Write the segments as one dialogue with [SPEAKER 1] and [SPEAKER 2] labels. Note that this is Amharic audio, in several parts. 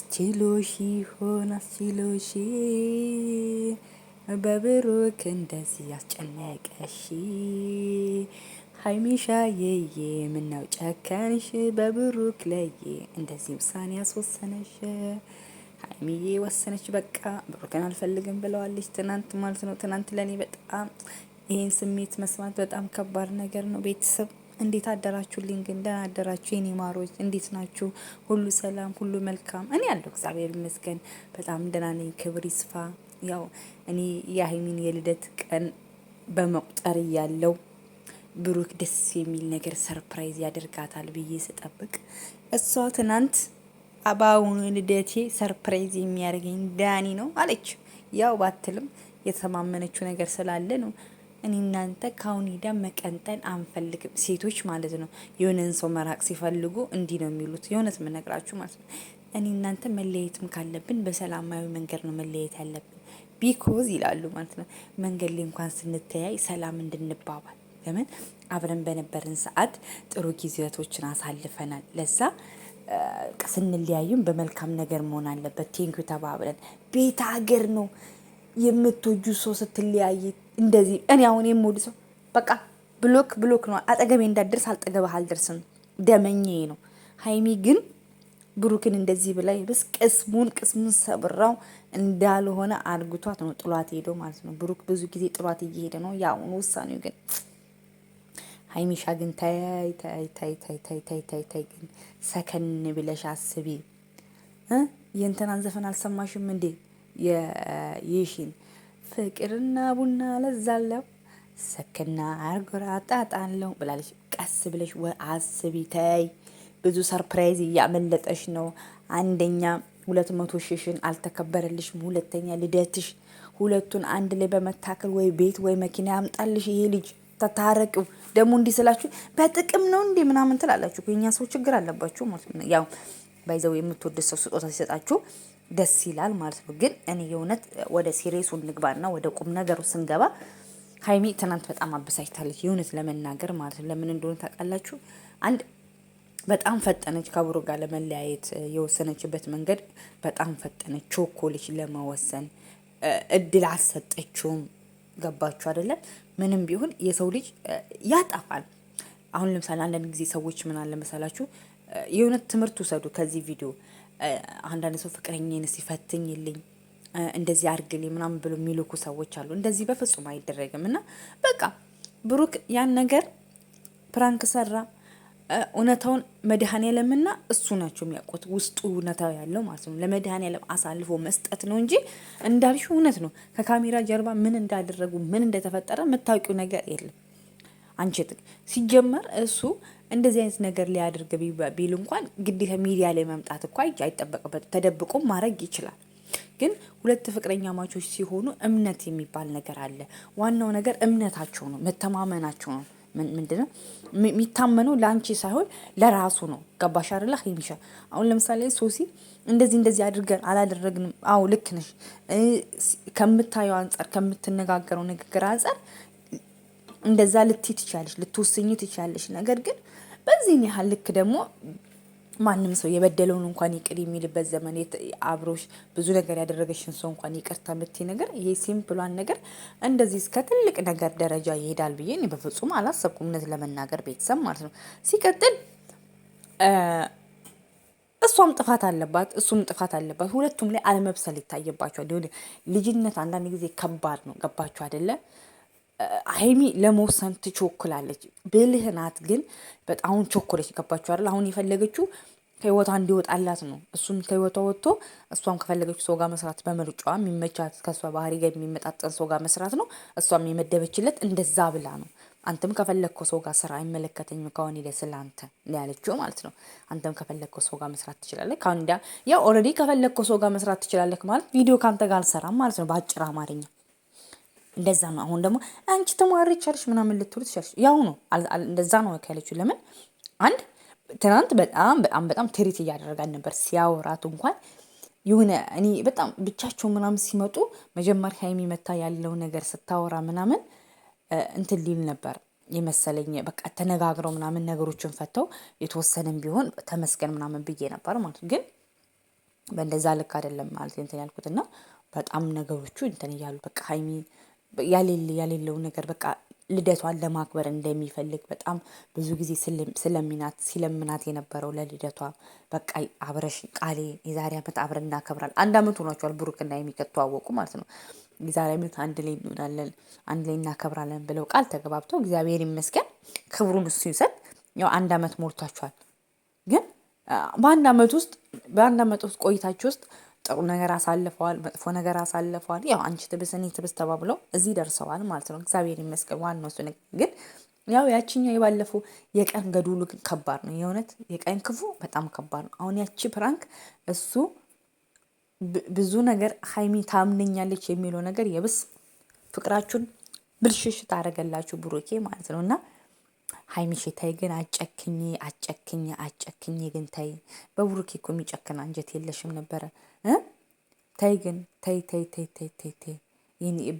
[SPEAKER 1] አስችሎሺ ይሆን አስችሎሺ በብሩክ እንደዚህ ያስጨነቀሽ ሀይሚሻዬዬ ምነው ጨከንሽ በብሩክ ለዬ እንደዚህ ውሳኔ ያስወሰነሽ ሀይሚዬ ወሰነች በቃ ብሩክን አልፈልግም ብለዋለች። ትናንት ማለት ነው ትናንት ለእኔ በጣም ይህን ስሜት መስማት በጣም ከባድ ነገር ነው ቤተሰብ እንዴት አደራችሁ ግን ደህና አደራችሁ የኔ ማሮች፣ እንዴት ናችሁ? ሁሉ ሰላም፣ ሁሉ መልካም። እኔ ያለው እግዚአብሔር ይመስገን በጣም ደህና ነኝ። ክብር ይስፋ። ያው እኔ የሀይሚን የልደት ቀን በመቁጠር እያለው ብሩክ ደስ የሚል ነገር ሰርፕራይዝ ያደርጋታል ብዬ ስጠብቅ እሷ ትናንት አባውኑ ልደቴ ሰርፕራይዝ የሚያደርገኝ ዳኒ ነው አለች። ያው ባትልም የተማመነችው ነገር ስላለ ነው። እኔ እናንተ ከአሁን ሄዳ መቀንጠን አንፈልግም። ሴቶች ማለት ነው የሆነን ሰው መራቅ ሲፈልጉ እንዲህ ነው የሚሉት። የእውነት የምነግራችሁ ማለት ነው። እኔ እናንተ መለያየትም ካለብን በሰላማዊ መንገድ ነው መለያየት ያለብን ቢኮዝ ይላሉ ማለት ነው። መንገድ ላይ እንኳን ስንተያይ ሰላም እንድንባባል ለምን አብረን በነበርን ሰዓት ጥሩ ጊዜያቶችን አሳልፈናል። ለዛ ስንለያዩም በመልካም ነገር መሆን አለበት። ቴንኪው ተባብለን ቤት ሀገር ነው የምትወጁ ሰው ስትለያይ እንደዚህ እኔ አሁን የምወድ ሰው በቃ ብሎክ ብሎክ ነው። አጠገቤ እንዳደርስ አልጠገበህ አልደርስም ደመኘ ነው። ሀይሚ ግን ብሩክን እንደዚህ ብላይ ብስ ቅስሙን ቅስሙን ሰብራው እንዳልሆነ አድርግቷት ነው ጥሏት ሄደው ማለት ነው። ብሩክ ብዙ ጊዜ ጥሏት እየሄደ ነው። የአሁኑ ውሳኔው ግን ሀይሚሻ ግን ታይ ታይ ታይ ታይ ታይ ታይ ታይ ታይ ግን ሰከን ብለሽ አስቢ። የእንትናን ዘፈን አልሰማሽም እንዴ? የይሽን ፍቅርና ቡና ለዛለው ሰክና አርጎራ አጣጣለው ብላለች። ቀስ ብለሽ አስቢ ተይ። ብዙ ሰርፕራይዝ እያመለጠሽ ነው። አንደኛ ሁለት መቶ ሽሽን አልተከበረልሽም። ሁለተኛ ልደትሽ። ሁለቱን አንድ ላይ በመታከል ወይ ቤት ወይ መኪና ያምጣልሽ ይሄ ልጅ። ተታረቂው ደግሞ እንዲስላችሁ በጥቅም ነው እንዴ ምናምን ትላላችሁ። የእኛ ሰው ችግር አለባችሁ ያው ባይዘው የምትወደሰው ስጦታ ሲሰጣችሁ ደስ ይላል ማለት ነው። ግን እኔ የእውነት ወደ ሲሪየሱ እንግባና ወደ ቁም ነገሩ ስንገባ ሀይሚ ትናንት በጣም አበሳጭታለች፣ የእውነት ለመናገር ማለት ነው። ለምን እንደሆነ ታውቃላችሁ? አንድ በጣም ፈጠነች፣ ከብሩ ጋር ለመለያየት የወሰነችበት መንገድ በጣም ፈጠነች፣ ቾኮለች ለመወሰን እድል አልሰጠችውም። ገባችሁ አይደለም? ምንም ቢሆን የሰው ልጅ ያጠፋል። አሁን ለምሳሌ አንዳንድ ጊዜ ሰዎች ምን አለ መሰላችሁ፣ የእውነት ትምህርት ውሰዱ ከዚህ ቪዲዮ አንዳንድ ሰው ፍቅረኝን ሲፈትኝልኝ እንደዚህ አርግልኝ ምናምን ብሎ የሚልኩ ሰዎች አሉ። እንደዚህ በፍጹም አይደረግም እና በቃ ብሩክ ያን ነገር ፕራንክ ሰራ። እውነታውን መድኃኔዓለምና እሱ ናቸው የሚያውቁት ውስጡ እውነታው ያለው ማለት ነው። ለመድኃኔዓለም አሳልፎ መስጠት ነው እንጂ እንዳልሽ እውነት ነው። ከካሜራ ጀርባ ምን እንዳደረጉ ምን እንደተፈጠረ የምታውቂው ነገር የለም አንቺ። ሲጀመር እሱ እንደዚህ አይነት ነገር ሊያደርግ ቢል እንኳን ግዴታ ሚዲያ ላይ መምጣት እኳ አይጠበቅበት፣ ተደብቆም ማድረግ ይችላል። ግን ሁለት ፍቅረኛ ማቾች ሲሆኑ እምነት የሚባል ነገር አለ። ዋናው ነገር እምነታቸው ነው፣ መተማመናቸው ነው። ምንድነው የሚታመነው? ለአንቺ ሳይሆን ለራሱ ነው። ገባሽ አይደለ ሀይሚሻ? አሁን ለምሳሌ ሶሲ እንደዚህ እንደዚህ አድርገን አላደረግንም። አዎ ልክ ነሽ። ከምታየው አንጻር ከምትነጋገረው ንግግር አንጻር እንደዛ ልትይ ትቻለሽ፣ ልትወስኝ ትቻለሽ። ነገር ግን በዚህን ያህል ልክ ደግሞ ማንም ሰው የበደለውን እንኳን ይቅር የሚልበት ዘመን አብሮሽ ብዙ ነገር ያደረገሽን ሰው እንኳን ይቅርታ የምትይ ነገር ይሄ ሲምፕሏን ነገር እንደዚህ እስከ ትልቅ ነገር ደረጃ ይሄዳል ብዬ እኔ በፍጹም አላሰብኩም፣ እውነት ለመናገር ቤተሰብ ማለት ነው። ሲቀጥል እሷም ጥፋት አለባት፣ እሱም ጥፋት አለባት። ሁለቱም ላይ አለመብሰል ይታየባቸዋል። ልጅነት አንዳንድ ጊዜ ከባድ ነው። ገባችሁ አይደለ? ሀይሚ ለመወሰን ትቾክላለች። ብልህ ናት፣ ግን በጣም ቾኮለች። ገባችሁ አይደል? አሁን የፈለገችው ከህይወቷ እንዲወጣላት ነው። እሱም ከህይወቷ ወጥቶ እሷም ከፈለገችው ሰው ጋር መስራት በምርጫዋ የሚመቻት ከእሷ ባህሪ ጋር የሚመጣጠን ሰው ጋር መስራት ነው። እሷም የመደበችለት እንደዛ ብላ ነው። አንተም ከፈለግከው ሰው ጋር ስራ አይመለከተኝም፣ ከሆን ሂደህ ስለ አንተ ያለችው ማለት ነው። አንተም ከፈለግከው ሰው ጋር መስራት ትችላለህ። ከሁን ያ ኦልሬዲ ከፈለግከው ሰው ጋር መስራት ትችላለህ ማለት ቪዲዮ ከአንተ ጋር አልሰራም ማለት ነው በአጭር አማርኛ እንደዛ ነው። አሁን ደግሞ አንቺ ተማሪ ቻልሽ ምናምን ልትሉ ትቻልሽ። ያው ነው እንደዛ ነው ያለችው። ለምን አንድ ትናንት በጣም በጣም በጣም ትሪት እያደረጋን ነበር። ሲያወራት እንኳን የሆነ እኔ በጣም ብቻቸው ምናምን ሲመጡ መጀመሪያ ሀይሚ መታ ያለው ነገር ስታወራ ምናምን እንትን ሊል ነበር የመሰለኝ በቃ ተነጋግረው ምናምን ነገሮችን ፈተው የተወሰነም ቢሆን ተመስገን ምናምን ብዬ ነበር ማለት ግን በእንደዛ ልክ አይደለም ማለት እንትን ያልኩትና በጣም ነገሮቹ እንትን እያሉ በቃ ሀይሚ ያሌለው ነገር በቃ ልደቷን ለማክበር እንደሚፈልግ በጣም ብዙ ጊዜ ስለሚናት ሲለምናት የነበረው ለልደቷ በቃ አብረሽ ቃሌ የዛሬ ዓመት አብረን እናከብራል። አንድ ዓመት ሆኗቸዋል ብሩክና ሀይሚ ከተዋወቁ ማለት ነው። የዛሬ ዓመት አንድ ላይ እንሆናለን፣ አንድ ላይ እናከብራለን ብለው ቃል ተገባብተው እግዚአብሔር ይመስገን ክብሩን እሱ ይውሰድ። ያው አንድ ዓመት ሞልቷቸዋል። ግን በአንድ ዓመት ውስጥ በአንድ ዓመት ውስጥ ቆይታችሁ ውስጥ ጥሩ ነገር አሳልፈዋል፣ መጥፎ ነገር አሳልፈዋል። ያው አንቺ ትብስ እኔ ትብስ ተባብለው እዚህ ደርሰዋል ማለት ነው። እግዚአብሔር ይመስገን። ዋናው እሱ ግን ያው ያችኛው የባለፈው የቀን ገዱሉ ግን ከባድ ነው። የእውነት የቀን ክፉ በጣም ከባድ ነው። አሁን ያቺ ፕራንክ እሱ ብዙ ነገር ሀይሚ ታምነኛለች የሚለው ነገር የብስ ፍቅራችሁን ብልሽሽ ታደረገላችሁ ብሩኬ ማለት ነው እና ሀይሚሽ ተይ ግን አጨክኝ አጨክኝ አጨክኝ ግን ተይ። በብሩኬ እኮ የሚጨክን አንጀት የለሽም ነበረ። ተይ ግን ተይ ተይ ተይ ተይ ተይ ተይ።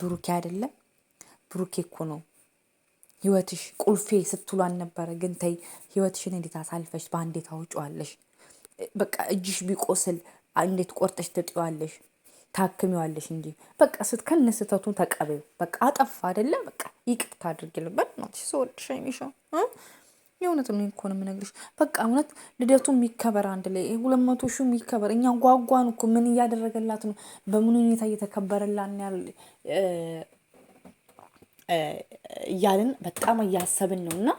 [SPEAKER 1] ብሩኬ አይደለም ብሩኬ እኮ ነው ህይወትሽ ቁልፌ ስትሏን ነበረ። ግን ተይ ህይወትሽን እንዴት አሳልፈሽ በአንዴ ታውጪዋለሽ? በቃ እጅሽ ቢቆስል እንዴት ቆርጠሽ ትጥዋለሽ? ታክሚዋለሽ እንጂ በቃ ስትከል ስህተቱን ተቀበዩ። በቃ አጠፋ አይደለም በቃ ይቅርታ አድርግልበት ነው ሰወድሻ የሚሻ የእውነት ነው እኮ ነው የምነግርሽ። በቃ እውነት ልደቱ የሚከበር አንድ ላይ ሁለት መቶ ሺ የሚከበር እኛ ጓጓን እኮ ምን እያደረገላት ነው? በምን ሁኔታ እየተከበረላን ያ እያልን በጣም እያሰብን ነው እና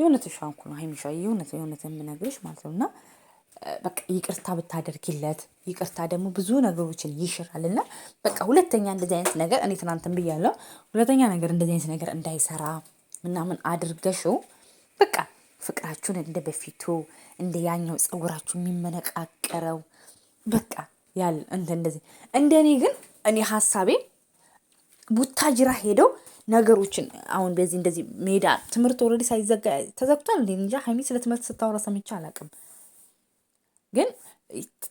[SPEAKER 1] የእውነት ሻንኩ ነው ሀይሚሻ የእውነት የእውነት የምነግርሽ ማለት ነው እና በቃ ይቅርታ ብታደርግለት ይቅርታ ደግሞ ብዙ ነገሮችን ይሽራል እና በቃ ሁለተኛ እንደዚህ አይነት ነገር እኔ ትናንትን ብያለሁ። ሁለተኛ ነገር እንደዚህ አይነት ነገር እንዳይሰራ ምናምን አድርገሽው በቃ ፍቅራችሁን እንደ በፊቱ እንደ ያኛው ፀጉራችሁ የሚመነቃቀረው በቃ ያለ እንደዚህ እንደ እኔ ግን እኔ ሀሳቤ ቡታጅራ ሄደው ነገሮችን አሁን በዚህ እንደዚህ ሜዳ ትምህርት ኦልሬዲ ሳይዘጋ ተዘግቷል። እንደ እንጃ ሀይሚ ስለ ትምህርት ስታወራ ሰምቼ አላውቅም። ግን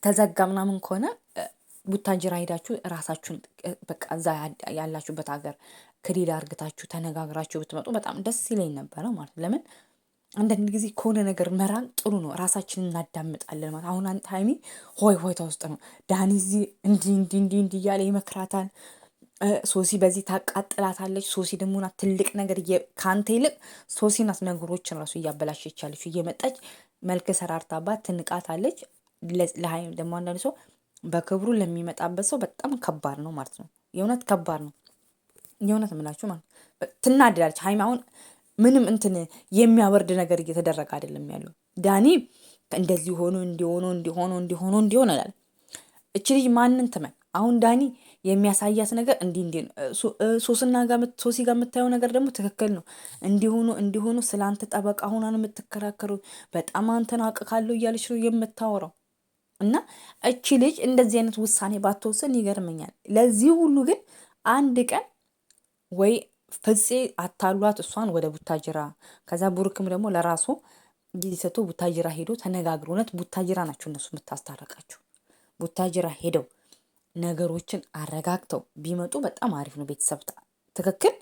[SPEAKER 1] ተዘጋ ምናምን ከሆነ ቡታጅራ ሄዳችሁ ራሳችሁን በቃ እዛ ያላችሁበት ሀገር ክሊል አርግታችሁ ተነጋግራችሁ ብትመጡ በጣም ደስ ይለኝ ነበረ ማለት ነው። ለምን አንዳንድ ጊዜ ከሆነ ነገር መራን ጥሩ ነው። ራሳችን እናዳምጣለን ማለት አሁን ታይሚ ሆይ ሆይታ ውስጥ ነው። ዳኒ እዚህ እንዲህ እንዲህ እንዲህ እንዲህ እያለ ይመክራታል። ሶሲ በዚህ ታቃጥላታለች። ሶሲ ደግሞ ናት ትልቅ ነገር ከአንተ ይልቅ ሶሲ ናት ነገሮችን ራሱ እያበላሸች ያለችው። እየመጣች መልክ ሰራርታባት ትንቃታለች። ለሀይ ደግሞ አንዳንድ ሰው በክብሩ ለሚመጣበት ሰው በጣም ከባድ ነው ማለት ነው። የእውነት ከባድ ነው። የእውነት ምላችሁ ማለት ትናድዳለች። ሀይም አሁን ምንም እንትን የሚያወርድ ነገር እየተደረገ አይደለም ያለው። ዳኒ እንደዚህ ሆኖ እንዲሆኖ እንዲሆኖ እንዲሆኖ እንዲሆን እላለሁ። እች ልጅ ማንን ትመን አሁን ዳኒ የሚያሳያት ነገር እንዲህ እንዲህ ነው። ሶስና ሶሲ ጋር የምታየው ነገር ደግሞ ትክክል ነው። እንዲሆኑ እንዲሆኑ ስለ አንተ ጠበቃ ሆና ነው የምትከራከሩ። በጣም አንተን አቅካለሁ እያለች ነው የምታወራው። እና እቺ ልጅ እንደዚህ አይነት ውሳኔ ባትወስን ይገርመኛል። ለዚህ ሁሉ ግን አንድ ቀን ወይ ፍፄ አታሏት እሷን ወደ ቡታጅራ፣ ከዛ ቡርክም ደግሞ ለራሱ ጊዜ ሰጥቶ ቡታጅራ ሄዶ ተነጋግሮ እውነት ቡታጅራ ናቸው እነሱ የምታስታረቃቸው ቡታጅራ ሄደው ነገሮችን አረጋግተው ቢመጡ በጣም አሪፍ ነው። ቤተሰብ ትክክል